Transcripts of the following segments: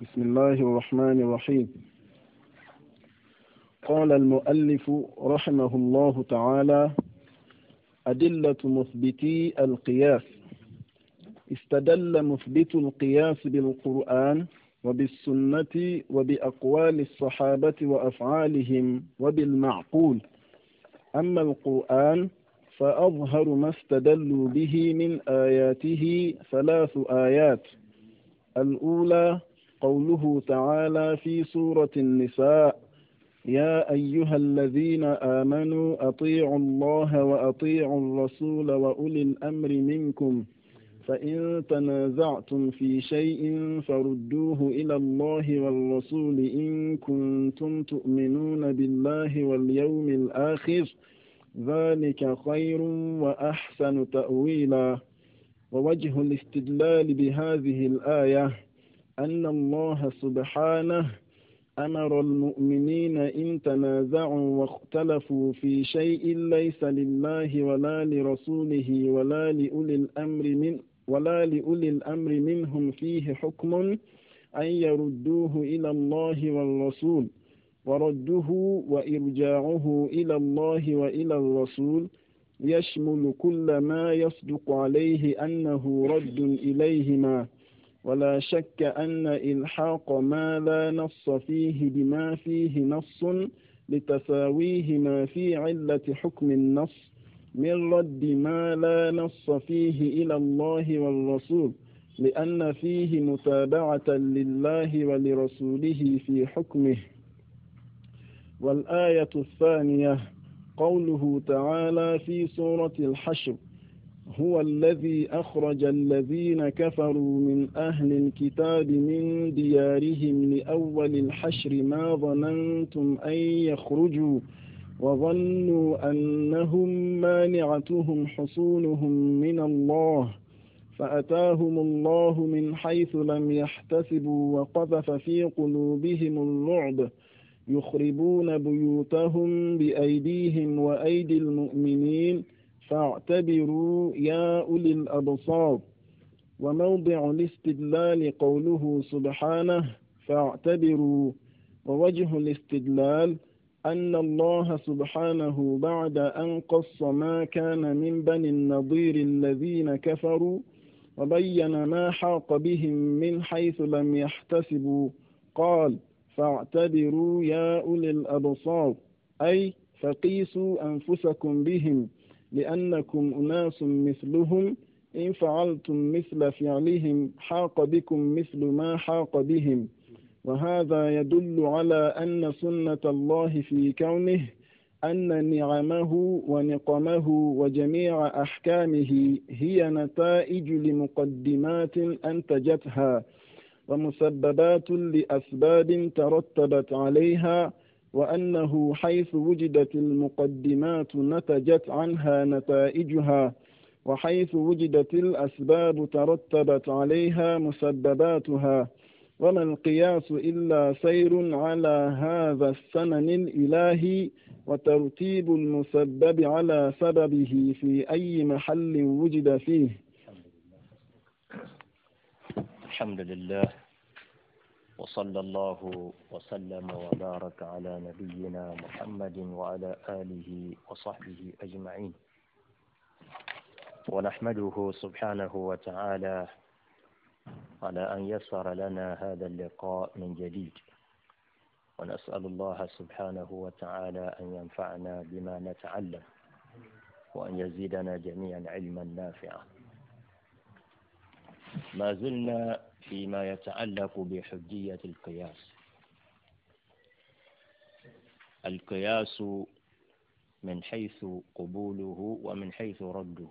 بسم الله الرحمن الرحيم قال المؤلف رحمه الله تعالى أدلة مثبتي القياس استدل مثبت القياس بالقرآن وبالسنة وبأقوال الصحابة وأفعالهم وبالمعقول أما القرآن فأظهر ما استدلوا به من آياته ثلاث آيات الأولى قوله تعالى في سورة النساء يا أيها الذين آمنوا أطيعوا الله وأطيعوا الرسول وأولي الأمر منكم فإن تنازعتم في شيء فردوه إلى الله والرسول إن كنتم تؤمنون بالله واليوم الآخر ذلك خير وأحسن تأويلا ووجه الاستدلال بهذه الآية أن الله سبحانه أمر المؤمنين إن تنازعوا واختلفوا في شيء ليس لله ولا لرسوله ولا لأولي الأمر من ولا لأولي الأمر منهم فيه حكم أن يردوه إلى الله والرسول ورده وإرجاعه إلى الله وإلى الرسول يشمل كل ما يصدق عليه أنه رد إليهما ولا شك أن إلحاق ما لا نص فيه بما فيه نص لتساويه ما في علة حكم النص من رد ما لا نص فيه إلى الله والرسول لأن فيه متابعة لله ولرسوله في حكمه والآية الثانية قوله تعالى في سورة الحشر هو الذي أخرج الذين كفروا من أهل الكتاب من ديارهم لأول الحشر ما ظننتم أن يخرجوا وظنوا أنهم مانعتهم حصونهم من الله فأتاهم الله من حيث لم يحتسبوا وقذف في قلوبهم الرعب يخربون بيوتهم بأيديهم وأيدي المؤمنين فاعتبروا يا أولي الأبصار وموضع الاستدلال قوله سبحانه فاعتبروا ووجه الاستدلال أن الله سبحانه بعد أن قص ما كان من بني النضير الذين كفروا وبين ما حاق بهم من حيث لم يحتسبوا قال فاعتبروا يا أولي الأبصار أي فقيسوا أنفسكم بهم لأنكم أناس مثلهم إن فعلتم مثل فعلهم حاق بكم مثل ما حاق بهم وهذا يدل على أن سنة الله في كونه أن نعمه ونقمه وجميع أحكامه هي نتائج لمقدمات أنتجتها ومسببات لأسباب ترتبت عليها وأنه حيث وجدت المقدمات نتجت عنها نتائجها وحيث وجدت الأسباب ترتبت عليها مسبباتها وما القياس إلا سير على هذا السمن الإلهي وترتيب المسبب على سببه في أي محل وجد فيه الحمد لله وصلى الله وسلم وبارك على نبينا محمد وعلى آله وصحبه أجمعين ونحمده سبحانه وتعالى على أن يسر لنا هذا اللقاء من جديد ونسأل الله سبحانه وتعالى أن ينفعنا بما نتعلم وأن يزيدنا جميعا علما نافعا ما زلنا فيما يتعلق بحجية القياس القياس من حيث قبوله ومن حيث رده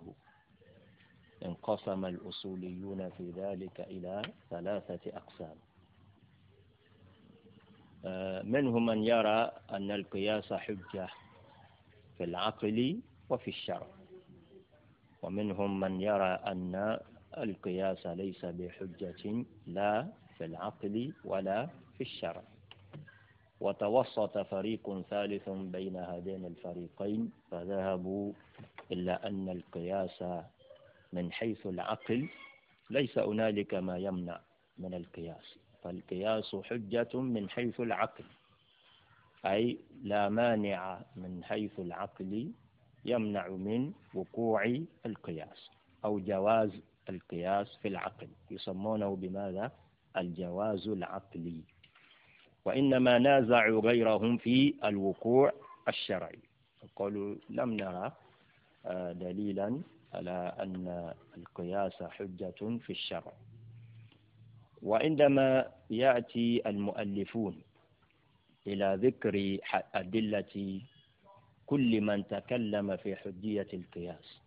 انقسم الأصوليون في ذلك إلى ثلاثة أقسام آه، منهم من يرى أن القياس حجة في العقل وفي الشرع ومنهم من يرى أن القياس ليس بحجة لا في العقل ولا في الشرع وتوسط فريق ثالث بين هذين الفريقين فذهبوا إلا أن القياس من حيث العقل ليس هنالك ما يمنع من القياس فالقياس حجة من حيث العقل أي لا مانع من حيث العقل يمنع من وقوع القياس أو جواز القياس في العقل يسمونه بماذا الجواز العقلي وإنما نازعوا غيرهم في الوقوع الشرعي قالوا لم نرى آه، دليلا على أن القياس حجة في الشرع وعندما يأتي المؤلفون إلى ذكر أدلة كل من تكلم في حجية القياس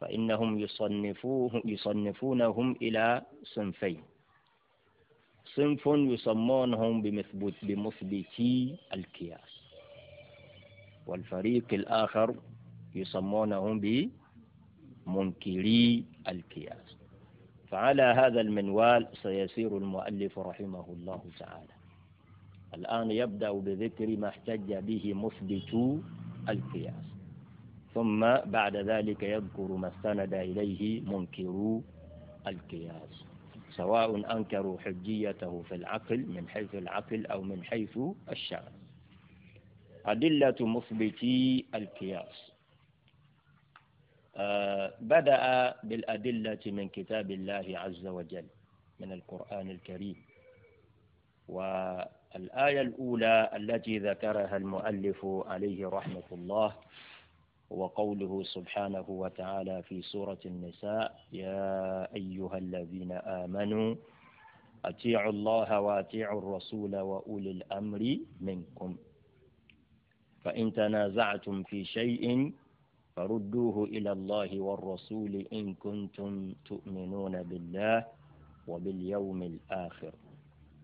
فإنهم يصنفوه يصنفونهم إلى صنفين صنف يسمونهم بمثبت بمثبتي القياس والفريق الآخر يسمونهم بمنكري القياس فعلى هذا المنوال سيسير المؤلف رحمه الله تعالى الآن يبدأ بذكر ما احتج به مثبتو القياس ثم بعد ذلك يذكر ما استند إليه منكرو القياس سواء أنكروا حجيته في العقل من حيث العقل أو من حيث الشرع أدلة مثبتي القياس آه، بدأ بالأدلة من كتاب الله عز وجل من القرآن الكريم والآية الأولى التي ذكرها المؤلف عليه رحمة الله وقوله سبحانه وتعالى في سورة النساء يا أيها الذين آمنوا أطيعوا الله وأطيعوا الرسول وأولي الأمر منكم فإن تنازعتم في شيء فردوه إلى الله والرسول إن كنتم تؤمنون بالله وباليوم الآخر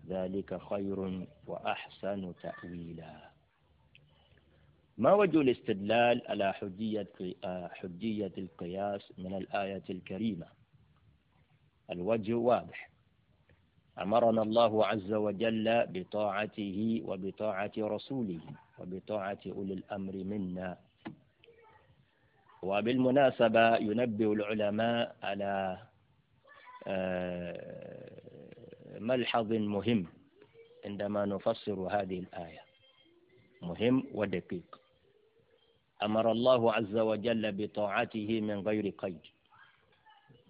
ذلك خير وأحسن تأويلاً ما وجه الاستدلال على حجية آه، حجية القياس من الآية الكريمة الوجه واضح أمرنا الله عز وجل بطاعته وبطاعة رسوله وبطاعة أولي الأمر منا وبالمناسبة ينبه العلماء على آه، ملحظ مهم عندما نفسر هذه الآية مهم ودقيق أمر الله عز وجل بطاعته من غير قيد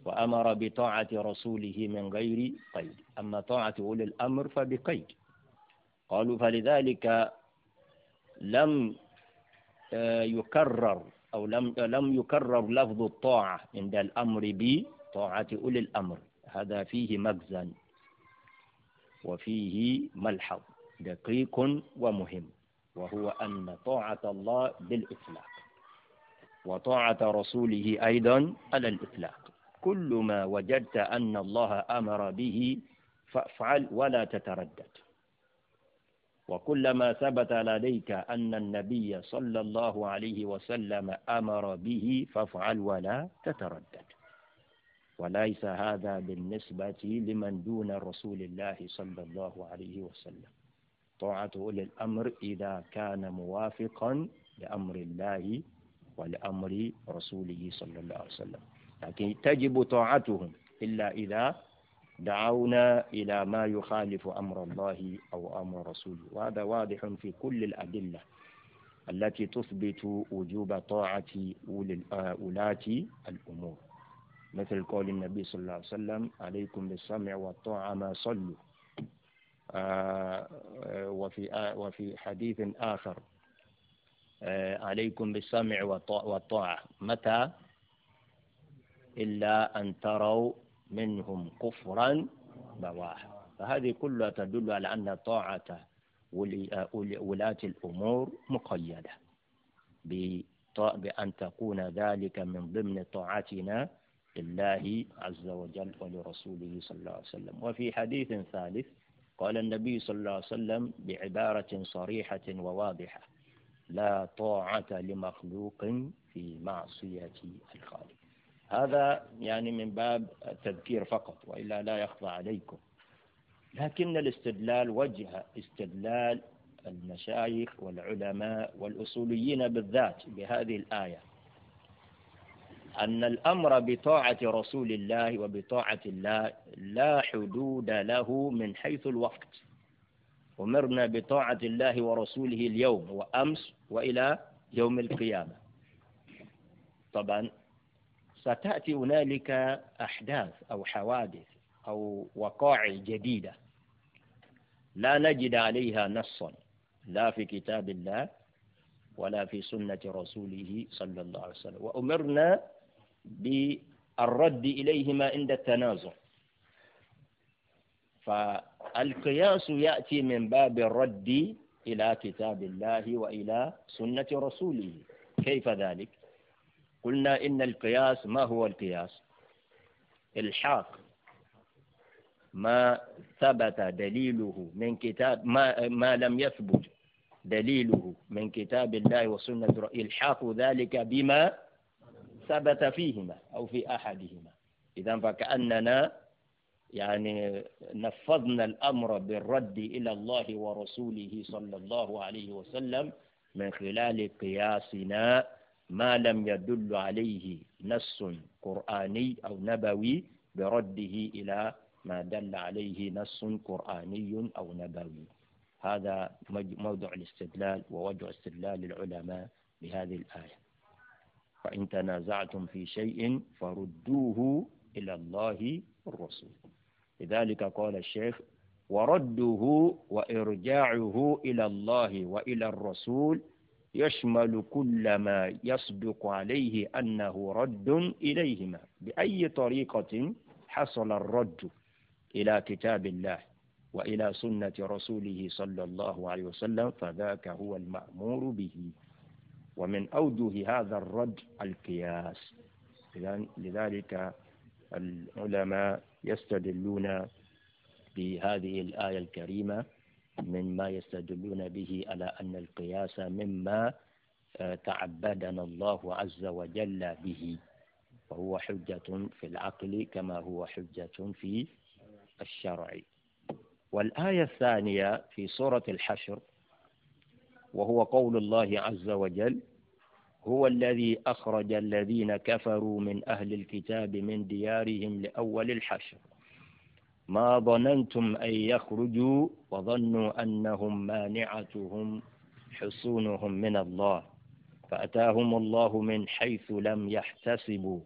وأمر بطاعة رسوله من غير قيد أما طاعة أولي الأمر فبقيد قالوا فلذلك لم آه، يكرر أو لم لم يكرر لفظ الطاعة عند الأمر بطاعة أولي الأمر هذا فيه مغزى وفيه ملحظ دقيق ومهم وهو أن طاعة الله بالإطلاق وطاعة رسوله أيضا على الإطلاق كل ما وجدت أن الله أمر به فافعل ولا تتردد وكلما ثبت لديك أن النبي صلى الله عليه وسلم أمر به فافعل ولا تتردد وليس هذا بالنسبة لمن دون رسول الله صلى الله عليه وسلم طاعة أولي الأمر إذا كان موافقا لأمر الله ولأمر رسوله صلى الله عليه وسلم لكن تجب طاعتهم إلا إذا دعونا إلى ما يخالف أمر الله أو أمر رسوله وهذا واضح في كل الأدلة التي تثبت وجوب طاعة أولاة آه، الأمور مثل قول النبي صلى الله عليه وسلم عليكم بالسمع والطاعة ما صلوا آه، وفي آه، وفي حديث آخر آه، عليكم بالسمع والطاعة متى إلا أن تروا منهم كفرا بواحا فهذه كلها تدل على أن طاعة ولاة الأمور مقيدة بأن تكون ذلك من ضمن طاعتنا لله عز وجل ولرسوله صلى الله عليه وسلم وفي حديث ثالث قال النبي صلى الله عليه وسلم بعبارة صريحة وواضحة لا طاعة لمخلوق في معصية الخالق هذا يعني من باب التذكير فقط وإلا لا يخفى عليكم لكن الاستدلال وجه استدلال المشايخ والعلماء والأصوليين بالذات بهذه الآية أن الأمر بطاعة رسول الله وبطاعة الله لا حدود له من حيث الوقت أمرنا بطاعة الله ورسوله اليوم وأمس وإلى يوم القيامة طبعا ستأتي هنالك أحداث أو حوادث أو وقائع جديدة لا نجد عليها نصا لا في كتاب الله ولا في سنة رسوله صلى الله عليه وسلم وأمرنا بالرد إليهما عند التنازع فالقياس يأتي من باب الرد إلى كتاب الله وإلى سنة رسوله كيف ذلك؟ قلنا إن القياس ما هو القياس؟ الحاق ما ثبت دليله من كتاب ما, ما لم يثبت دليله من كتاب الله وسنة الحاق ذلك بما ثبت فيهما أو في أحدهما إذا فكأننا يعني نفذنا الأمر بالرد إلى الله ورسوله صلى الله عليه وسلم من خلال قياسنا ما لم يدل عليه نص قرآني أو نبوي برده إلى ما دل عليه نص قرآني أو نبوي هذا موضع الاستدلال ووجه استدلال العلماء بهذه الآية فإن تنازعتم في شيء فردوه إلى الله والرسول لذلك قال الشيخ ورده وإرجاعه إلى الله وإلى الرسول يشمل كل ما يصدق عليه أنه رد إليهما بأي طريقة حصل الرد إلى كتاب الله وإلى سنة رسوله صلى الله عليه وسلم فذاك هو المأمور به ومن أوجه هذا الرد القياس لذلك العلماء يستدلون بهذه الآية الكريمة مما يستدلون به على أن القياس مما آه، تعبدنا الله عز وجل به وهو حجة في العقل كما هو حجة في الشرع والآية الثانية في سورة الحشر وهو قول الله عز وجل هو الذي أخرج الذين كفروا من أهل الكتاب من ديارهم لأول الحشر ما ظننتم أن يخرجوا وظنوا أنهم مانعتهم حصونهم من الله فأتاهم الله من حيث لم يحتسبوا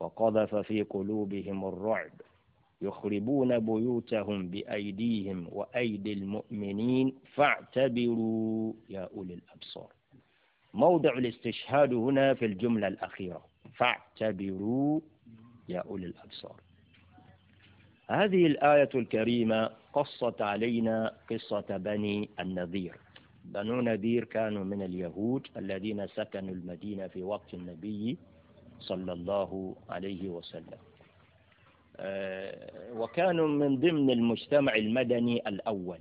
وقذف في قلوبهم الرعب يخربون بيوتهم بأيديهم وأيدي المؤمنين فاعتبروا يا أولي الأبصار موضع الاستشهاد هنا في الجملة الأخيرة فاعتبروا يا أولي الأبصار هذه الآية الكريمة قصت علينا قصة بني النذير بنو نذير كانوا من اليهود الذين سكنوا المدينة في وقت النبي صلى الله عليه وسلم آه، وكانوا من ضمن المجتمع المدني الأول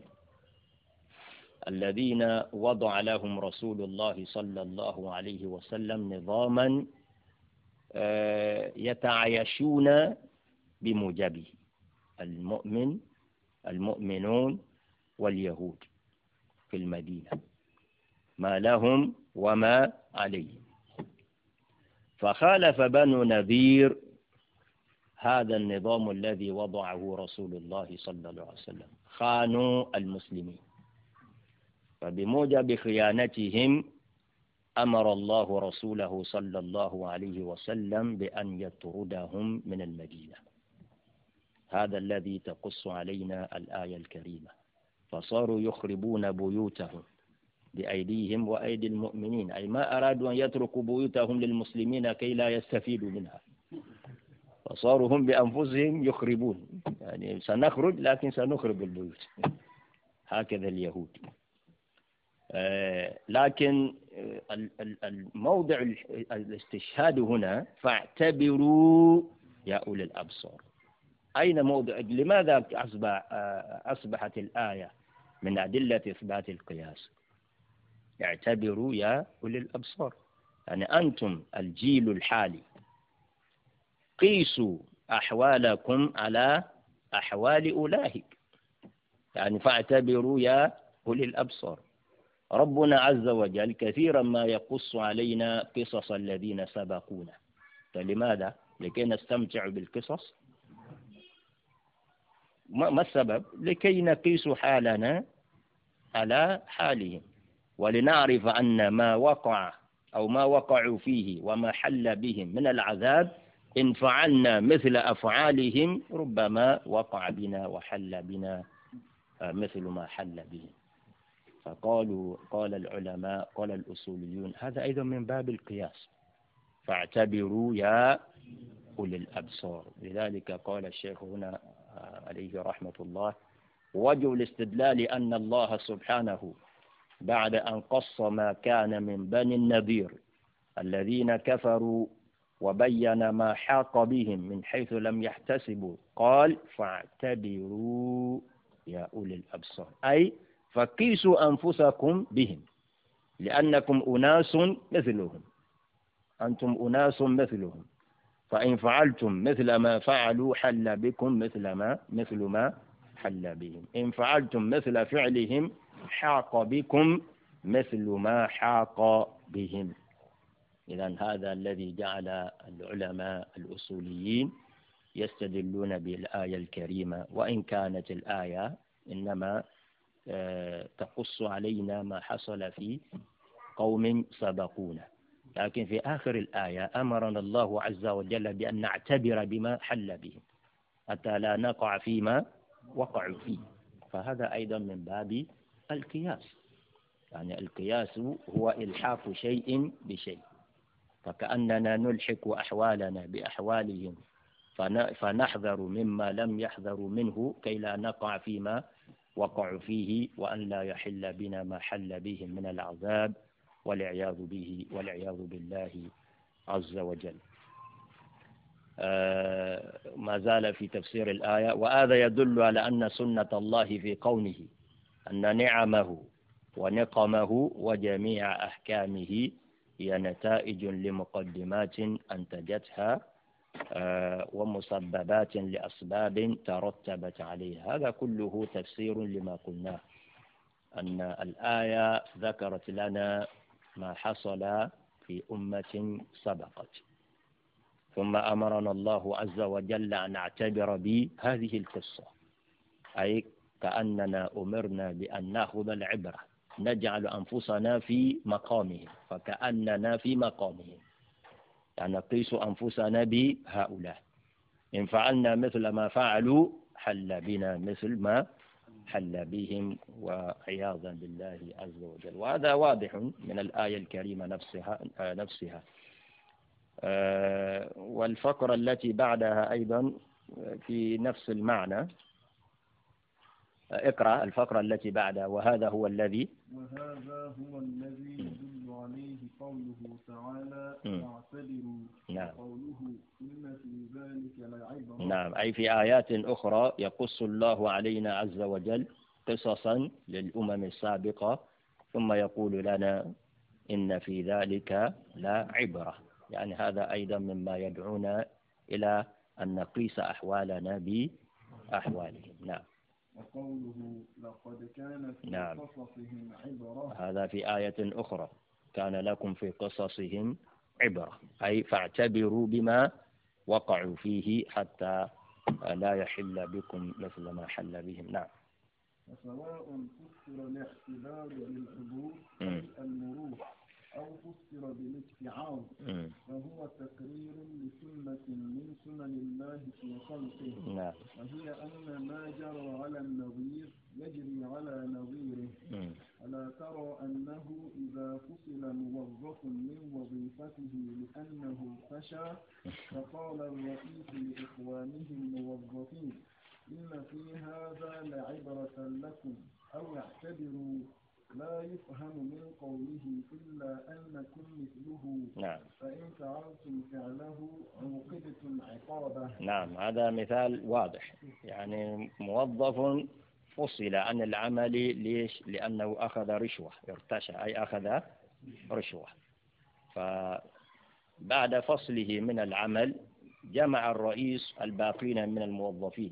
الذين وضع لهم رسول الله صلى الله عليه وسلم نظاما آه، يتعايشون بموجبه المؤمن المؤمنون واليهود في المدينة ما لهم وما عليهم فخالف بنو نذير هذا النظام الذي وضعه رسول الله صلى الله عليه وسلم خانوا المسلمين فبموجب خيانتهم أمر الله رسوله صلى الله عليه وسلم بأن يطردهم من المدينة هذا الذي تقص علينا الآية الكريمة فصاروا يخربون بيوتهم بأيديهم وأيدي المؤمنين أي ما أرادوا أن يتركوا بيوتهم للمسلمين كي لا يستفيدوا منها فصاروا هم بأنفسهم يخربون يعني سنخرج لكن سنخرب البيوت هكذا اليهود آه، لكن آه، الموضع الاستشهاد هنا فاعتبروا يا أولي الأبصار أين موضع لماذا آه، أصبحت الآية من أدلة إثبات القياس اعتبروا يا أولي الأبصار يعني أنتم الجيل الحالي قيسوا أحوالكم على أحوال أولئك يعني فاعتبروا يا أولي الأبصار ربنا عز وجل كثيرا ما يقص علينا قصص الذين سبقونا فلماذا؟ لكي نستمتع بالقصص ما السبب؟ لكي نقيس حالنا على حالهم ولنعرف أن ما وقع أو ما وقعوا فيه وما حل بهم من العذاب إن فعلنا مثل أفعالهم ربما وقع بنا وحل بنا آه، مثل ما حل بهم فقالوا قال العلماء قال الأصوليون هذا أيضا من باب القياس فاعتبروا يا أولي الأبصار لذلك قال الشيخ هنا آه، عليه رحمة الله وجه الاستدلال أن الله سبحانه بعد أن قص ما كان من بني النذير الذين كفروا وبين ما حاق بهم من حيث لم يحتسبوا قال فاعتبروا يا أولي الأبصار أي فقيسوا أنفسكم بهم لأنكم أناس مثلهم أنتم أناس مثلهم فإن فعلتم مثل ما فعلوا حل بكم مثل ما مثل ما حل بهم إن فعلتم مثل فعلهم حاق بكم مثل ما حاق بهم إذا هذا الذي جعل العلماء الأصوليين يستدلون بالآية الكريمة وإن كانت الآية إنما تقص علينا ما حصل في قوم سبقونا لكن في آخر الآية أمرنا الله عز وجل بأن نعتبر بما حل به حتى لا نقع فيما وقعوا فيه فهذا أيضا من باب القياس يعني القياس هو إلحاق شيء بشيء فكأننا نلحق أحوالنا بأحوالهم فنحذر مما لم يحذروا منه كي لا نقع فيما وقعوا فيه وأن لا يحل بنا ما حل بهم من العذاب والعياذ به والعياذ بالله عز وجل آه ما زال في تفسير الآية وهذا يدل على أن سنة الله في قومه أن نعمه ونقمه وجميع أحكامه هي نتائج لمقدمات أنتجتها آه، ومسببات لأسباب ترتبت عليه هذا كله تفسير لما قلناه أن الآية ذكرت لنا ما حصل في أمة سبقت ثم أمرنا الله عز وجل أن نعتبر بهذه القصة أي كأننا أمرنا بأن نأخذ العبرة نجعل أنفسنا في مقامهم فكأننا في مقامهم تنقيس أنفسنا بهؤلاء إن فعلنا مثل ما فعلوا حل بنا مثل ما حل بهم وعياذا بالله عز وجل وهذا واضح من الآية الكريمة نفسها آه، نفسها آه، والفقرة التي بعدها أيضا آه، في نفس المعنى اقرأ الفقرة التي بعدها وهذا هو الذي وهذا هو الذي يدل عليه قوله تعالى واعتبروا نعم قوله إن في ذلك لعبرة نعم أي في آيات أخرى يقص الله علينا عز وجل قصصا للأمم السابقة ثم يقول لنا إن في ذلك لعبرة يعني هذا أيضا مما يدعونا إلى أن نقيس أحوالنا بأحوالهم نعم وقوله لقد كان في نعم. قصصهم عبرة هذا في آية أخرى كان لكم في قصصهم عبرة أي فاعتبروا بما وقعوا فيه حتى لا يحل بكم مثل ما حل بهم نعم فسواء كثر الاعتبار بالحدود الموجود فسر بالاتفعال فهو تقرير لسنة من سنن الله في خلقه نعم. وهي أن ما جرى على النظير يجري على نظيره ألا ترى أنه إذا فصل موظف من وظيفته لأنه فشى فقال الرئيس لإخوانه الموظفين إن في هذا لعبرة لكم أو اعتبروا لا يفهم من قوله إلا أنكم مثله نعم فإن فعلتم فعله عوقبتم عقابة نعم هذا مثال واضح يعني موظف فصل عن العمل ليش لأنه أخذ رشوة ارتشى أي أخذ رشوة فبعد فصله من العمل جمع الرئيس الباقين من الموظفين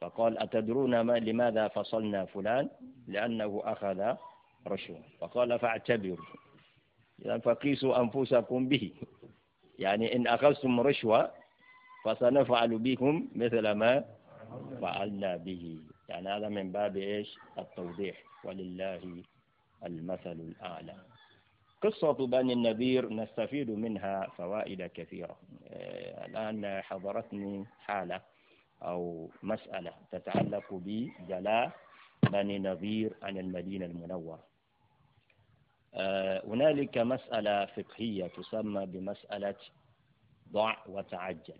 فقال أتدرون ما لماذا فصلنا فلان لأنه أخذ رشوة فقال فاعتبروا إذا فقيسوا أنفسكم به يعني إن أخذتم رشوة فسنفعل بكم مثل ما فعلنا به يعني هذا من باب إيش التوضيح ولله المثل الأعلى قصة بني النذير نستفيد منها فوائد كثيرة آه، الآن حضرتني حالة أو مسألة تتعلق بجلاء بني نظير عن المدينة المنورة آه، هنالك مسألة فقهية تسمى بمسألة ضع وتعجل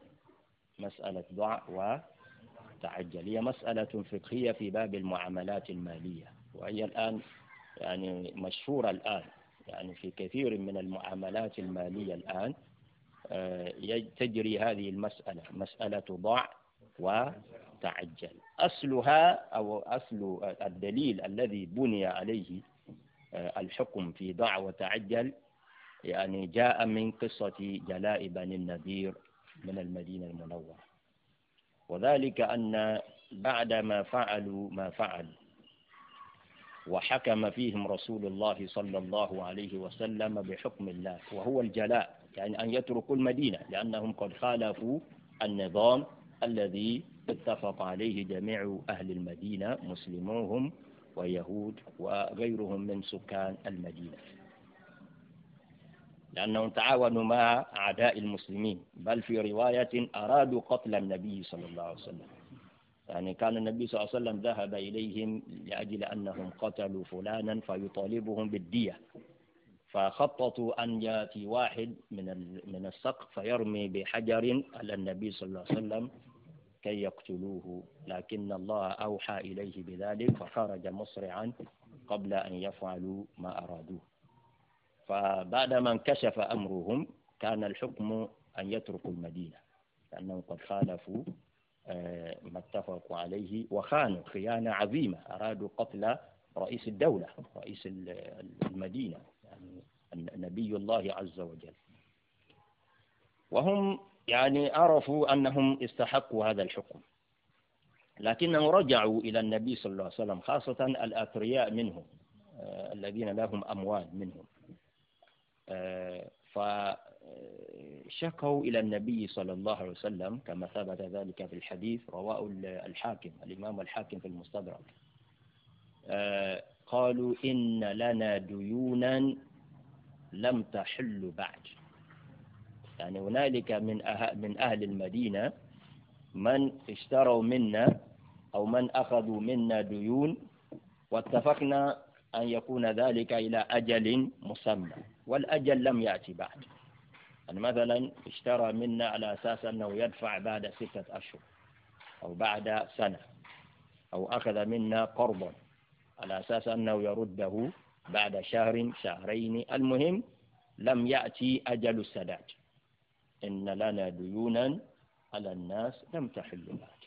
مسألة ضع وتعجل هي مسألة فقهية في باب المعاملات المالية وهي الآن يعني مشهورة الآن يعني في كثير من المعاملات المالية الآن آه، تجري هذه المسألة مسألة ضع وتعجل أصلها أو أصل الدليل الذي بني عليه آه، الحكم في دع وتعجل يعني جاء من قصة جلاء بني النذير من المدينة المنورة وذلك أن بعد ما فعلوا ما فعلوا وحكم فيهم رسول الله صلى الله عليه وسلم بحكم الله وهو الجلاء يعني أن يتركوا المدينة لأنهم قد خالفوا النظام الذي اتفق عليه جميع أهل المدينة مسلموهم ويهود وغيرهم من سكان المدينة لأنهم تعاونوا مع أعداء المسلمين بل في رواية أرادوا قتل النبي صلى الله عليه وسلم يعني كان النبي صلى الله عليه وسلم ذهب إليهم لأجل أنهم قتلوا فلانا فيطالبهم بالدية فخططوا أن يأتي واحد من من السقف فيرمي بحجر على النبي صلى الله عليه وسلم كي يقتلوه لكن الله أوحى إليه بذلك فخرج مسرعا قبل أن يفعلوا ما أرادوه فبعدما انكشف أمرهم كان الحكم أن يتركوا المدينة لأنهم قد خالفوا آه، ما اتفقوا عليه وخانوا خيانة عظيمة أرادوا قتل رئيس الدولة رئيس المدينة يعني نبي الله عز وجل وهم يعني عرفوا أنهم استحقوا هذا الحكم لكنهم رجعوا إلى النبي صلى الله عليه وسلم خاصة الأثرياء منهم آه، الذين لهم أموال منهم آه، فشكوا إلى النبي صلى الله عليه وسلم كما ثبت ذلك في الحديث رواه الحاكم الإمام الحاكم في المستدرك آه، قالوا إن لنا ديونا لم تحل بعد يعني هنالك من أهل من أهل المدينة من اشتروا منا أو من أخذوا منا ديون واتفقنا أن يكون ذلك إلى أجل مسمى والأجل لم يأتي بعد يعني مثلا اشترى منا على أساس أنه يدفع بعد ستة أشهر أو بعد سنة أو أخذ منا قرضا على أساس أنه يرده بعد شهر شهرين المهم لم يأتي أجل السداد إن لنا ديونا على الناس لم تحل بعد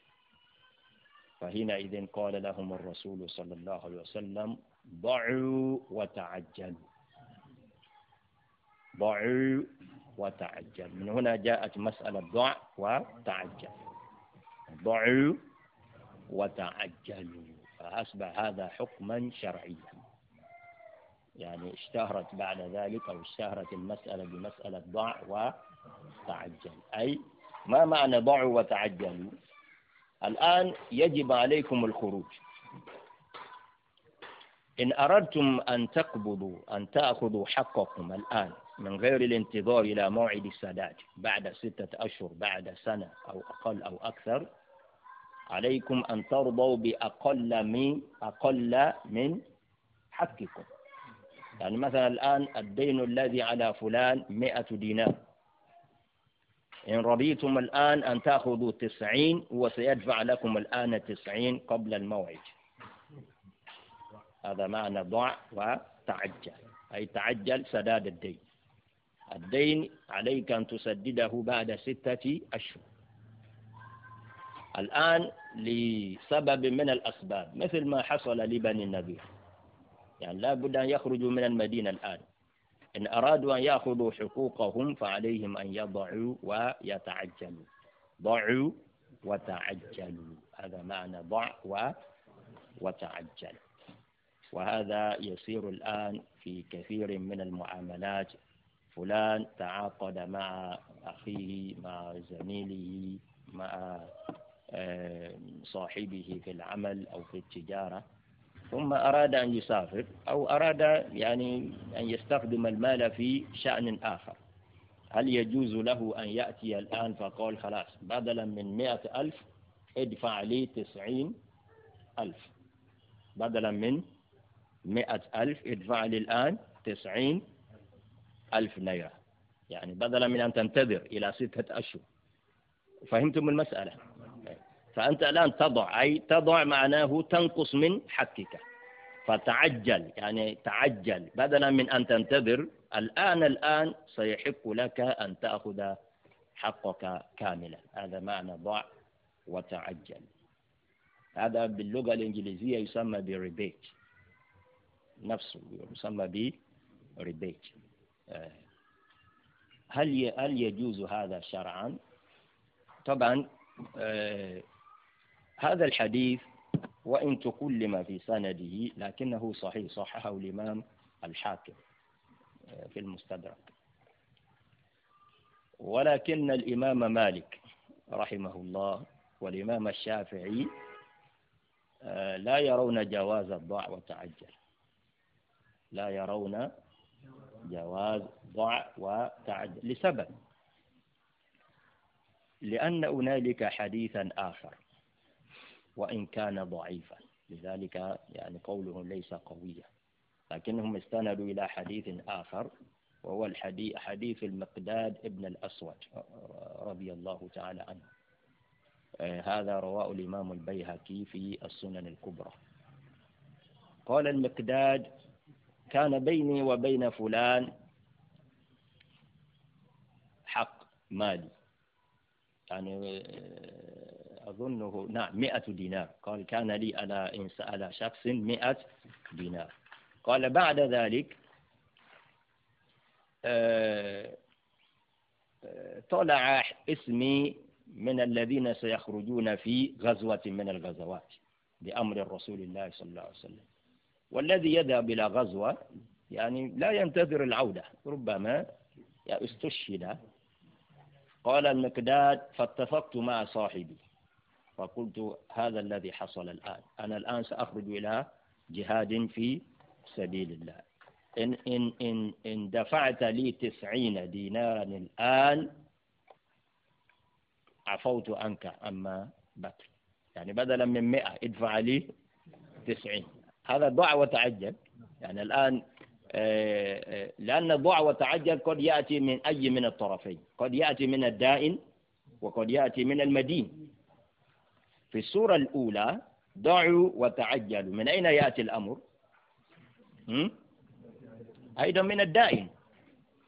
فحينئذ قال لهم الرسول صلى الله عليه وسلم ضعوا وتعجلوا ضعوا وتعجل من هنا جاءت مسألة ضع وتعجل ضعوا وتعجلوا فأصبح هذا حكما شرعيا يعني اشتهرت بعد ذلك أو اشتهرت المسألة بمسألة ضع تعجل أي ما معنى ضعوا وتعجلوا الآن يجب عليكم الخروج إن أردتم أن تقبضوا أن تأخذوا حقكم الآن من غير الانتظار إلى موعد السداد بعد ستة أشهر بعد سنة أو أقل أو أكثر عليكم أن ترضوا بأقل من أقل من حقكم يعني مثلا الآن الدين الذي على فلان مئة دينار إن رضيتم الآن أن تأخذوا تسعين وسيدفع لكم الآن تسعين قبل الموعد هذا معنى ضع وتعجل أي تعجل سداد الدين الدين عليك أن تسدده بعد ستة أشهر الآن لسبب من الأسباب مثل ما حصل لبني النبي يعني لا بد أن يخرجوا من المدينة الآن إن أرادوا أن يأخذوا حقوقهم فعليهم أن يضعوا ويتعجلوا ضعوا وتعجلوا هذا معنى ضع و وتعجل وهذا يصير الآن في كثير من المعاملات فلان تعاقد مع أخيه مع زميله مع آه، صاحبه في العمل أو في التجارة ثم أراد أن يسافر أو أراد يعني أن يستخدم المال في شأن آخر هل يجوز له أن يأتي الآن فقال خلاص بدلا من مئة ألف ادفع لي تسعين ألف بدلا من مئة ألف ادفع لي الآن تسعين ألف ليرة يعني بدلا من أن تنتظر إلى ستة أشهر فهمتم المسألة فأنت الآن تضع أي تضع معناه تنقص من حقك فتعجل يعني تعجل بدلا من أن تنتظر الآن الآن سيحق لك أن تأخذ حقك كاملا هذا معنى ضع وتعجل هذا باللغة الإنجليزية يسمى بريبيت نفسه يسمى بريبيت آه، هل هل يجوز هذا شرعا؟ طبعا آه، هذا الحديث وإن تكلم في سنده لكنه صحيح صححه الإمام الحاكم آه، في المستدرك ولكن الإمام مالك رحمه الله والإمام الشافعي آه، لا يرون جواز الضع وتعجل لا يرون جواز ضع وتعجل لسبب لأن هنالك حديثا آخر وإن كان ضعيفا لذلك يعني قولهم ليس قويا لكنهم استندوا إلى حديث آخر وهو الحديث حديث المقداد ابن الأسود رضي الله تعالى عنه آه، هذا رواه الإمام البيهقي في السنن الكبرى قال المقداد كان بيني وبين فلان حق مالي يعني آه، أظنه نعم مئة دينار قال كان لي على على شخص مئة دينار قال بعد ذلك آه، طلع اسمي من الذين سيخرجون في غزوة من الغزوات بأمر الرسول الله صلى الله عليه وسلم والذي يذهب إلى غزوة يعني لا ينتظر العودة ربما استشهد قال المقداد فاتفقت مع صاحبي فقلت هذا الذي حصل الآن أنا الآن سأخرج إلى جهاد في سبيل الله إن إن إن إن دفعت لي تسعين دينارا الآن عفوت عنك أما بكر يعني بدلا من مئة ادفع لي تسعين هذا ضع وتعجل يعني الآن آه، آه، لأن ضع وتعجل قد يأتي من أي من الطرفين قد يأتي من الدائن وقد يأتي من المدين في الصورة الأولى دعوا وتعجلوا من أين يأتي الأمر أيضا من الدائم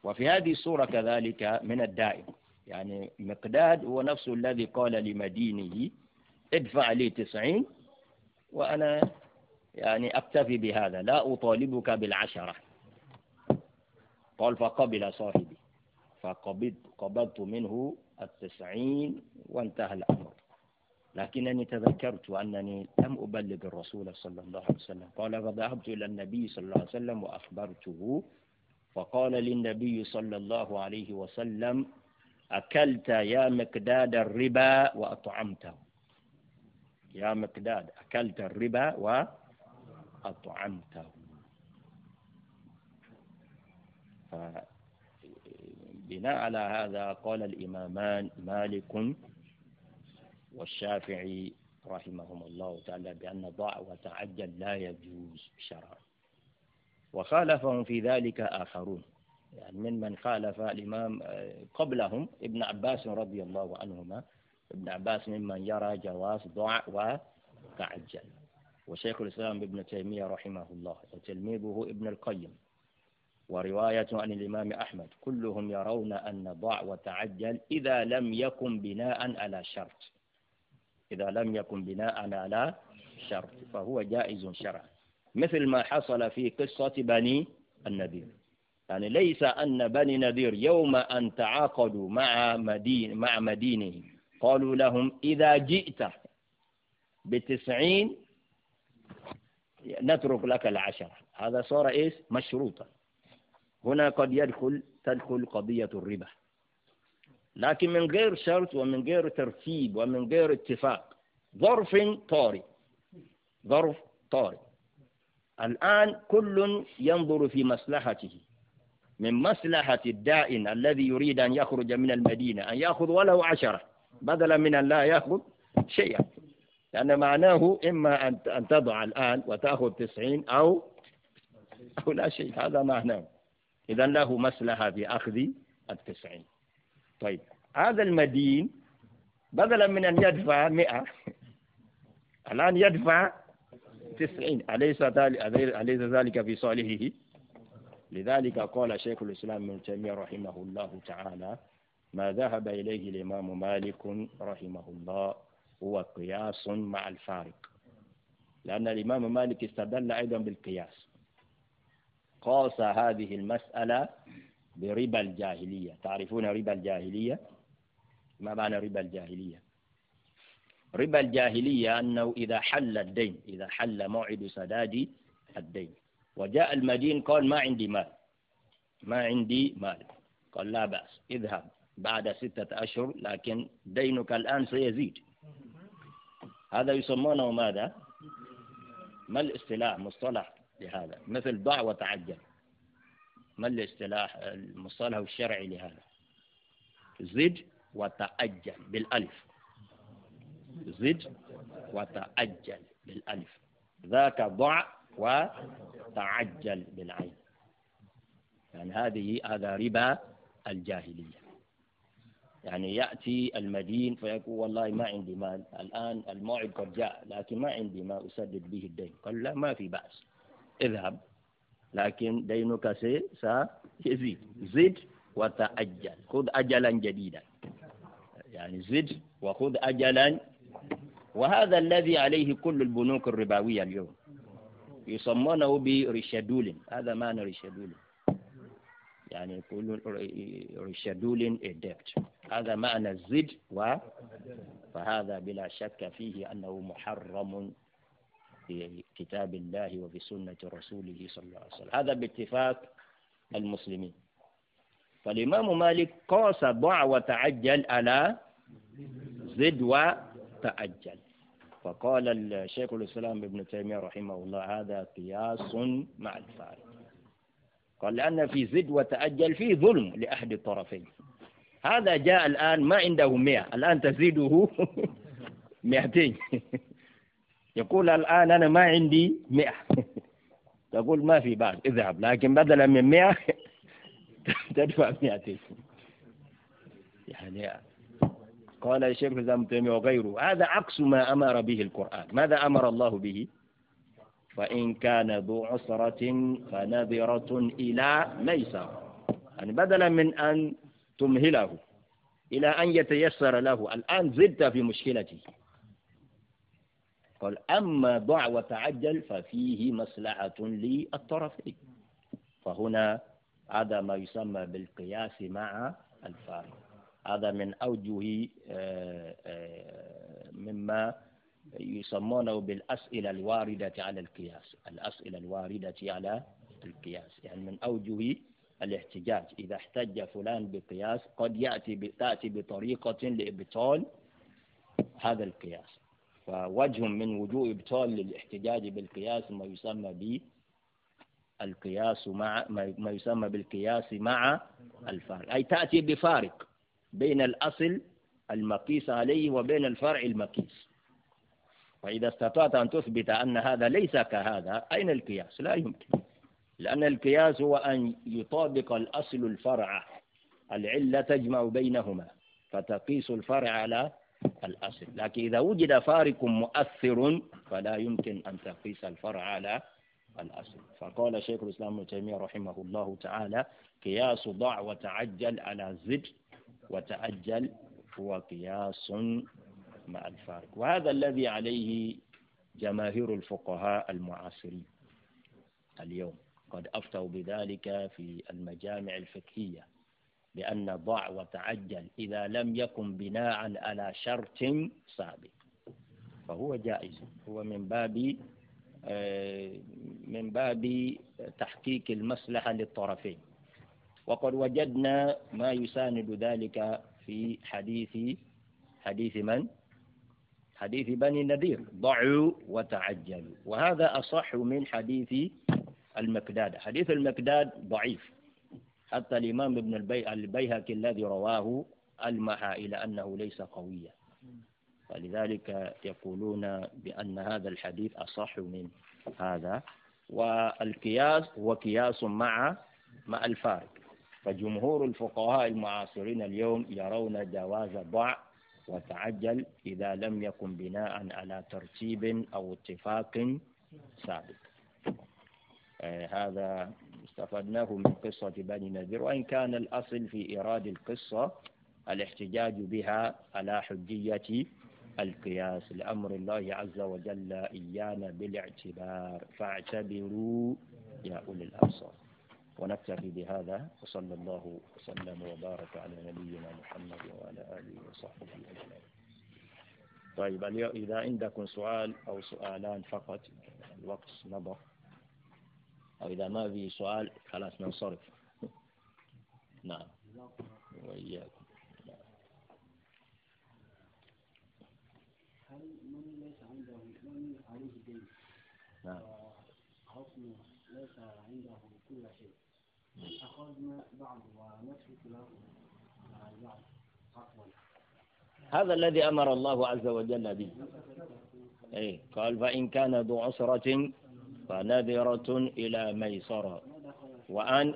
وفي هذه الصورة كذلك من الدائم يعني مقداد هو نفسه الذي قال لمدينه ادفع لي تسعين وأنا يعني أكتفي بهذا لا أطالبك بالعشرة قال فقبل صاحبي فقبضت منه التسعين وانتهى الأمر لكنني تذكرت أنني لم أبلغ الرسول صلى الله عليه وسلم قال فذهبت إلى النبي صلى الله عليه وسلم وأخبرته فقال للنبي صلى الله عليه وسلم أكلت يا مقداد الربا وأطعمته يا مقداد أكلت الربا وأطعمته بناء على هذا قال الإمامان مالك والشافعي رحمهم الله تعالى بأن ضع وتعجل لا يجوز شرعا وخالفهم في ذلك آخرون يعني ممن خالف الإمام آه، قبلهم ابن عباس رضي الله عنهما ابن عباس ممن يرى جواز ضع وتعجل وشيخ الإسلام ابن تيمية رحمه الله وتلميذه ابن القيم ورواية عن الإمام أحمد كلهم يرون أن ضع وتعجل إذا لم يكن بناء على شرط إذا لم يكن بناء على شرط فهو جائز شرعا مثل ما حصل في قصة بني النذير يعني ليس أن بني نذير يوم أن تعاقدوا مع مدين مع مدينهم قالوا لهم إذا جئت بتسعين نترك لك العشرة هذا صار إيش مشروطا هنا قد يدخل تدخل قضية الربا لكن من غير شرط ومن غير ترتيب ومن غير اتفاق ظرف طارئ ظرف طارئ الآن كل ينظر في مصلحته من مصلحة الدائن الذي يريد أن يخرج من المدينة أن يأخذ ولو عشرة بدلا من أن لا يأخذ شيئا لأن معناه إما أن تضع الآن وتأخذ تسعين أو أو لا شيء هذا معناه إذا له مصلحة في أخذ التسعين طيب هذا المدين بدلا من أن يدفع مئة الآن يدفع تسعين أليس ذلك أليس ذلك في صالحه لذلك قال شيخ الإسلام ابن تيمية رحمه الله تعالى ما ذهب إليه الإمام مالك رحمه الله هو قياس مع الفارق لأن الإمام مالك استدل أيضا بالقياس قاس هذه المسألة بربا الجاهلية تعرفون ربا الجاهلية ما معنى ربا الجاهلية ربا الجاهلية أنه إذا حل الدين إذا حل موعد سداد الدين وجاء المدين قال ما عندي مال ما عندي مال قال لا بأس اذهب بعد ستة أشهر لكن دينك الآن سيزيد هذا يسمونه ماذا ما الاصطلاح مصطلح لهذا مثل ضع وتعجل ما الاصطلاح المصطلح الشرعي لهذا زد وتأجل بالألف زد وتأجل بالألف ذاك ضع وتعجل بالعين يعني هذه هذا ربا الجاهلية يعني يأتي المدين فيقول والله ما عندي مال الآن الموعد قد جاء لكن ما عندي ما أسدد به الدين قال لا ما في بأس اذهب لكن دينك سيزيد زد وتأجل خذ أجلا جديدا يعني زد وخذ أجلا وهذا الذي عليه كل البنوك الربوية اليوم يسمونه برشادول هذا معنى رشادول يعني كل رشادول ادبت هذا معنى الزد و فهذا بلا شك فيه أنه محرم في كتاب الله وفي سنة رسوله صلى الله عليه وسلم هذا باتفاق المسلمين فالإمام مالك قاس ضع وتعجل على زد وتعجل فقال الشيخ الإسلام ابن تيمية رحمه الله هذا قياس مع الفارق قال لأن في زد وتأجل في ظلم لأحد الطرفين هذا جاء الآن ما عنده مئة الآن تزيده مئتين يقول الآن أنا ما عندي مئة تقول ما في بعد اذهب لكن بدلا من مئة تدفع مئتين يعني قال الشيخ الإسلام وغيره هذا عكس ما أمر به القرآن ماذا أمر الله به فإن كان ذو عسرة فنذرة إلى ليس يعني بدلا من أن تمهله إلى أن يتيسر له الآن زدت في مشكلته قال أما ضع وتعجل ففيه مصلحة للطرفين فهنا هذا ما يسمى بالقياس مع الفارق هذا من أوجه آه، آه، مما يسمونه بالأسئلة الواردة على القياس الأسئلة الواردة على القياس يعني من أوجه الاحتجاج إذا احتج فلان بقياس قد يأتي تأتي بطريقة لإبطال هذا القياس فوجه من وجوه إبطال للاحتجاج بالقياس ما يسمى ب القياس مع ما يسمى بالقياس مع الفارق أي تأتي بفارق بين الأصل المقيس عليه وبين الفرع المقيس فإذا استطعت أن تثبت أن هذا ليس كهذا أين القياس لا يمكن لأن القياس هو أن يطابق الأصل الفرع العلة تجمع بينهما فتقيس الفرع على الأصل لكن إذا وجد فارق مؤثر فلا يمكن أن تقيس الفرع على الأصل فقال شيخ الإسلام ابن تيمية رحمه الله تعالى قياس ضع وتعجل على زد وتأجل هو قياس مع الفارق وهذا الذي عليه جماهير الفقهاء المعاصرين اليوم قد أفتوا بذلك في المجامع الفقهية بأن ضع وتعجل إذا لم يكن بناء على شرط سابق فهو جائز هو من باب آه، من باب تحقيق المصلحة للطرفين وقد وجدنا ما يساند ذلك في حديث حديث من؟ حديث بني النذير ضعوا وتعجلوا وهذا أصح من حديث المقداد حديث المقداد ضعيف حتى الإمام ابن البي... البيهقي الذي رواه المحى إلى أنه ليس قويا ولذلك يقولون بأن هذا الحديث أصح من هذا والقياس هو قياس مع مع الفارق فجمهور الفقهاء المعاصرين اليوم يرون جواز ضع وتعجل إذا لم يكن بناء على ترتيب أو اتفاق سابق آه، هذا استفدناه من قصة بني نذير وإن كان الأصل في إيراد القصة الاحتجاج بها على حجية القياس لأمر الله عز وجل إيانا بالاعتبار فاعتبروا يا أولي الأبصار ونكتفي بهذا وصلى الله وسلم وبارك على نبينا محمد وعلى آله وصحبه أجمعين طيب إذا عندكم سؤال أو سؤالان فقط الوقت مضى أو إذا ما في سؤال خلاص ننصرف نعم وإياكم هل من ليس عنده من عليه دين نعم حكمه ليس عنده كل شيء نعم. أخذنا بعض ونترك له البعض عفوا هذا الذي أمر الله عز وجل به أي قال فإن كان ذو عسرة فنذرة إلى ميسرة وأن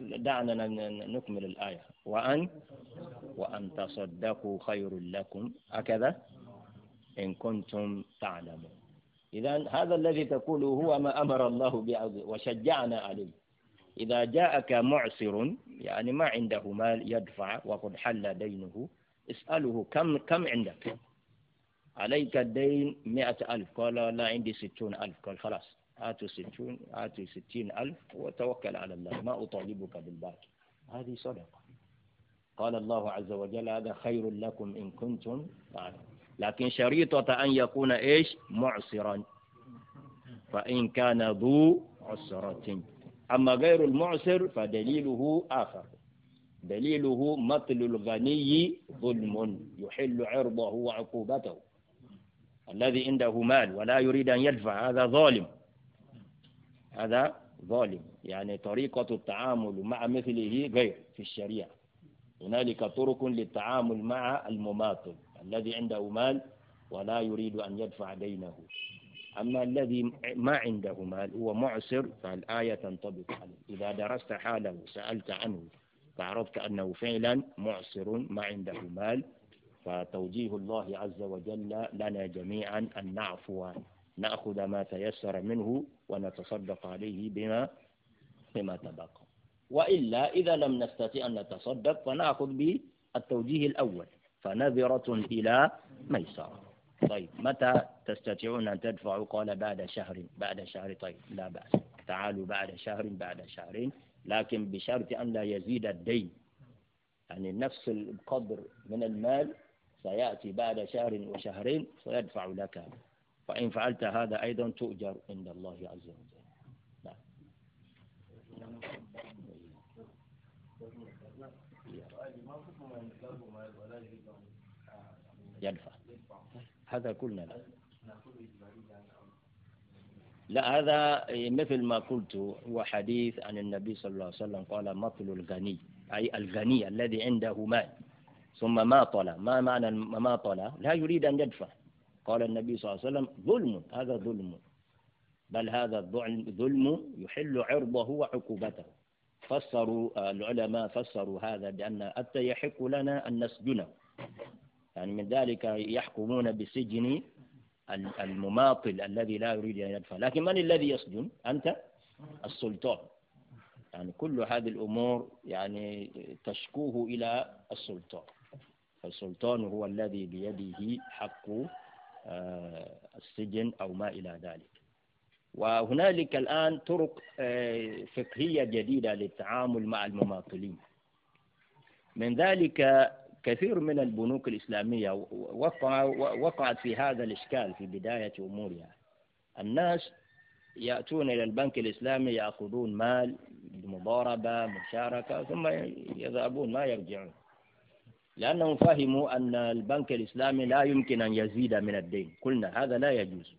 دعنا نكمل الآية وأن وأن تصدقوا خير لكم هكذا إن كنتم تعلمون إذا هذا الذي تقوله هو ما أمر الله به وشجعنا عليه إذا جاءك معسر يعني ما عنده مال يدفع وقد حل دينه اسأله كم كم عندك عليك الدين مئة ألف قال لا عندي ستون ألف قال خلاص آتوا ستون آتوا ستين ألف وتوكل على الله ما أطالبك بالباقي هذه صدقة قال الله عز وجل هذا خير لكم إن كنتم تعلمون لكن شريطة أن يكون إيش معسرا فإن كان ذو عسرة أما غير المعسر فدليله آخر دليله مثل الغني ظلم يحل عرضه وعقوبته الذي عنده مال ولا يريد أن يدفع هذا ظالم هذا ظالم يعني طريقة التعامل مع مثله غير في الشريعة هنالك طرق للتعامل مع المماطل الذي عنده مال ولا يريد أن يدفع دينه أما الذي ما عنده مال هو معسر فالآية تنطبق عليه إذا درست حاله سألت عنه فعرفت أنه فعلا معسر ما عنده مال فتوجيه الله عز وجل لنا جميعا أن نعفو عنه نأخذ ما تيسر منه ونتصدق عليه بما بما تبقى وإلا إذا لم نستطع أن نتصدق فنأخذ بالتوجيه الأول فنذرة إلى ميسرة طيب متى تستطيعون أن تدفعوا قال بعد شهر بعد شهر طيب لا بأس تعالوا بعد شهر بعد شهرين لكن بشرط أن لا يزيد الدين يعني نفس القدر من المال سيأتي بعد شهر وشهرين سيدفع لك فإن فعلت هذا أيضا تؤجر عند الله عز وجل نعم يدفع هذا قلنا لا. لا هذا مثل ما قلت هو حديث عن النبي صلى الله عليه وسلم قال مثل الغني أي الغني الذي عنده مال ثم ما طلع ما معنى ما طلع لا يريد أن يدفع قال النبي صلى الله عليه وسلم ظلم هذا ظلم بل هذا الظلم يحل عرضه وعقوبته فسروا آه، العلماء فسروا هذا بأن حتى يحق لنا أن نسجنه يعني من ذلك يحكمون بسجن المماطل الذي لا يريد أن يدفع لكن من الذي يسجن أنت السلطان يعني كل هذه الأمور يعني تشكوه إلى السلطان فالسلطان هو الذي بيده حق السجن أو ما إلى ذلك وهنالك الآن طرق آه، فقهية جديدة للتعامل مع المماطلين من ذلك كثير من البنوك الإسلامية وقع وقعت في هذا الإشكال في بداية أمورها الناس يأتون إلى البنك الإسلامي يأخذون مال مضاربة مشاركة ثم يذهبون ما يرجعون لأنهم فهموا أن البنك الإسلامي لا يمكن أن يزيد من الدين قلنا هذا لا يجوز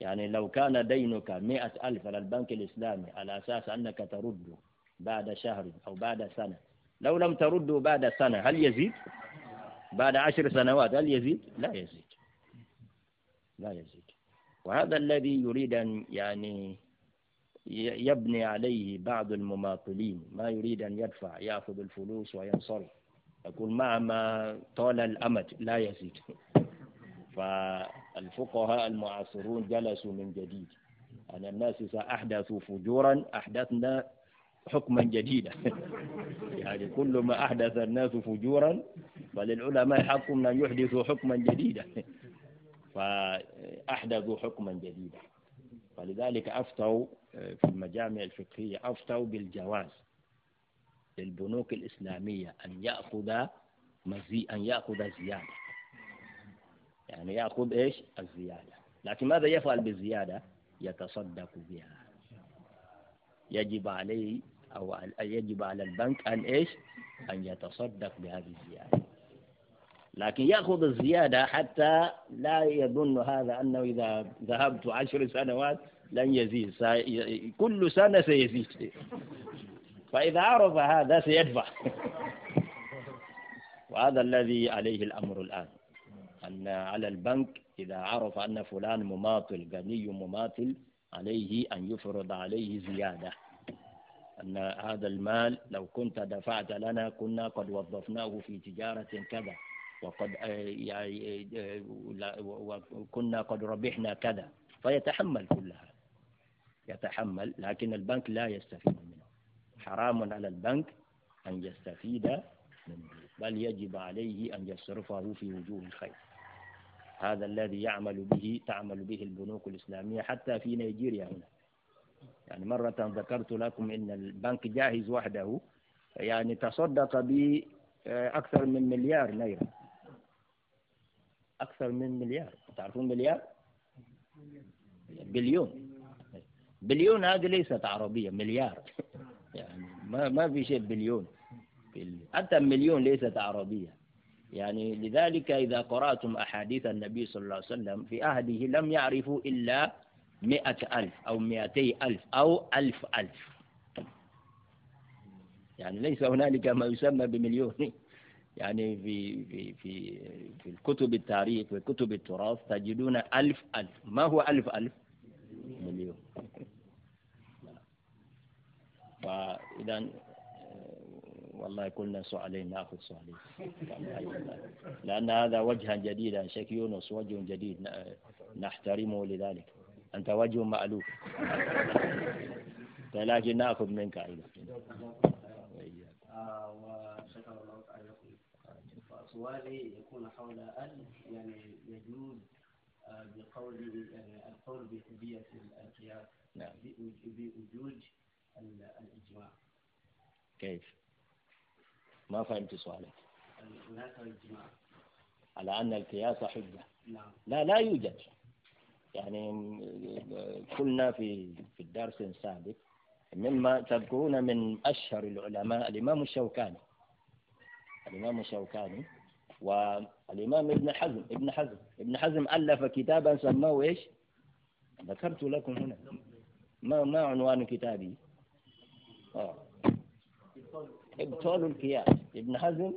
يعني لو كان دينك مئة ألف على البنك الإسلامي على أساس أنك ترده بعد شهر أو بعد سنة لو لم ترده بعد سنة هل يزيد بعد عشر سنوات هل يزيد لا يزيد لا يزيد وهذا الذي يريد أن يعني يبني عليه بعض المماطلين ما يريد أن يدفع يأخذ الفلوس وينصرف أقول مع ما طال الأمد لا يزيد فالفقهاء المعاصرون جلسوا من جديد أن الناس سأحدثوا فجورا أحدثنا حكما جديدا يعني كل ما أحدث الناس فجورا فللعلماء حقهم أن يحدثوا حكما جديدا فأحدثوا حكما جديدا فلذلك أفتوا في المجامع الفقهية أفتوا بالجواز للبنوك الإسلامية أن يأخذ مزي أن يأخذ زيادة يعني يأخذ إيش الزيادة لكن ماذا يفعل بالزيادة يتصدق بها يجب عليه أو يجب على البنك أن إيش أن يتصدق بهذه الزيادة لكن يأخذ الزيادة حتى لا يظن هذا أنه إذا ذهبت عشر سنوات لن يزيد كل سنة سيزيد فإذا عرف هذا سيدفع وهذا الذي عليه الأمر الآن أن على البنك إذا عرف أن فلان مماطل غني مماطل عليه أن يفرض عليه زيادة أن هذا المال لو كنت دفعت لنا كنا قد وظفناه في تجارة كذا وقد آه، يعني، آه، آه، وكنا قد ربحنا كذا فيتحمل كل هذا يتحمل لكن البنك لا يستفيد حرام على البنك أن يستفيد منه بل يجب عليه أن يصرفه في وجوه الخير هذا الذي يعمل به تعمل به البنوك الإسلامية حتى في نيجيريا هنا يعني مرة ذكرت لكم أن البنك جاهز وحده يعني تصدق ب آه، أكثر من مليار ليرة أكثر من مليار تعرفون مليار بليون بليون هذه ليست عربية مليار يعني ما ما في شيء بليون حتى مليون ليست عربية يعني لذلك إذا قرأتم أحاديث النبي صلى الله عليه وسلم في عهده لم يعرفوا إلا مئة ألف أو مئتي ألف أو ألف ألف يعني ليس هنالك ما يسمى بمليون يعني في في في في الكتب التاريخ وكتب التراث تجدون ألف ألف ما هو ألف ألف مليون فإذا والله كلنا سؤالين ناخذ سؤالين لأن هذا وجها جديدا يعني شيخ يونس وجه جديد نحترمه لذلك أنت وجه مألوف لكن ناخذ منك أيضا وشكر الله تعالى سؤالي يكون حول هل يعني يجوز آه، بقول يعني القول بحبية القياس نعم بوجود الإجماع كيف؟ ما فهمت سؤالك على أن القياس حجة نعم. لا لا يوجد يعني قلنا في في الدرس السابق مما تذكرون من أشهر العلماء الإمام الشوكاني الإمام الشوكاني والإمام ابن حزم ابن حزم ابن حزم ألف كتابا سماه إيش؟ ذكرت لكم هنا ما ما عنوان كتابي؟ آه. ابطال الكياس ابن حزم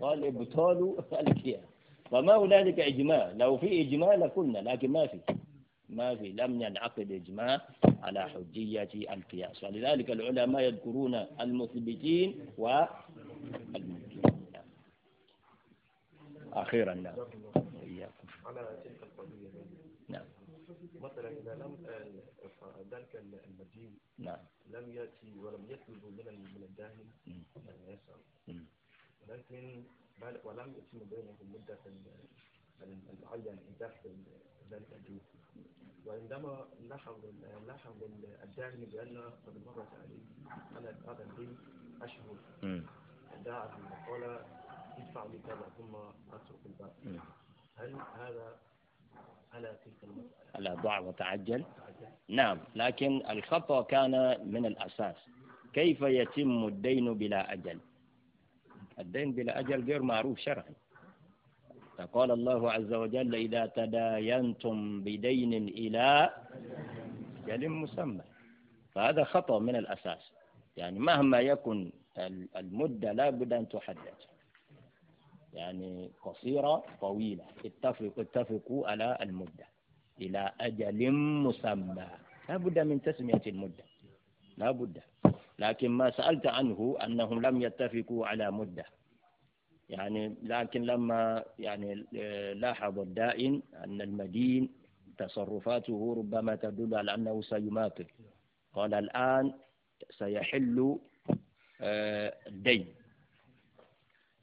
قال ابطال الكياس فما هنالك إجماع لو في إجماع لقلنا لكن ما في ما في لم ينعقد إجماع على حجية القياس ولذلك العلماء يذكرون المثبتين و أخيرا نعم على تلك القضية مثلا إذا لم نعم. آه، ذلك المدين نعم لم يأتي ولم يطلب من من ان يسأل ولكن ولم يتم بينهم مدة المعينة داخل ذلك الدين وعندما لاحظ لاحظ الداهي بأن قد مرت عليه أنا هذا الدين أشهر داعى وقال ادفع لي كذا ثم أترك الباب هل هذا على ضع وتعجل نعم لكن الخطأ كان من الأساس كيف يتم الدين بلا أجل الدين بلا أجل غير معروف شرعا فقال الله عز وجل إذا تداينتم بدين إلى أجل مسمى فهذا خطأ من الأساس يعني مهما يكن المدة لا بد أن تحدد يعني قصيرة طويلة اتفقوا اتفقوا على المدة إلى أجل مسمى لا بد من تسمية المدة لا بد لكن ما سألت عنه أنهم لم يتفقوا على مدة يعني لكن لما يعني آه، لاحظ الدائن أن المدين تصرفاته ربما تدل على أنه سيماطل قال الآن سيحل آه، الدين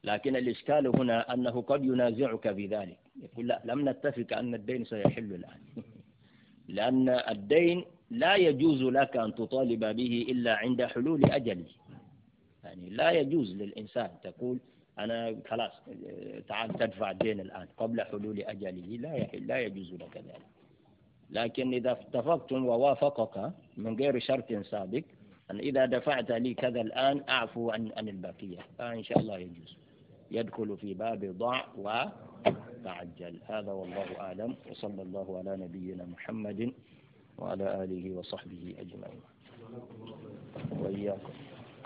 لكن الإشكال هنا أنه قد ينازعك بذلك يقول لا لم نتفق أن الدين سيحل الآن لأن الدين لا يجوز لك أن تطالب به إلا عند حلول أجله يعني لا يجوز للإنسان تقول أنا خلاص تعال تدفع الدين الآن قبل حلول أجله لا يحل لا يجوز لك ذلك لكن إذا اتفقتم ووافقك من غير شرط سابق أن إذا دفعت لي كذا الآن أعفو عن عن البقية فإن آه، شاء الله يجوز يدخل في باب ضع وتعجل هذا والله أعلم وصلى الله على نبينا محمد وعلى آله وصحبه أجمعين وإياكم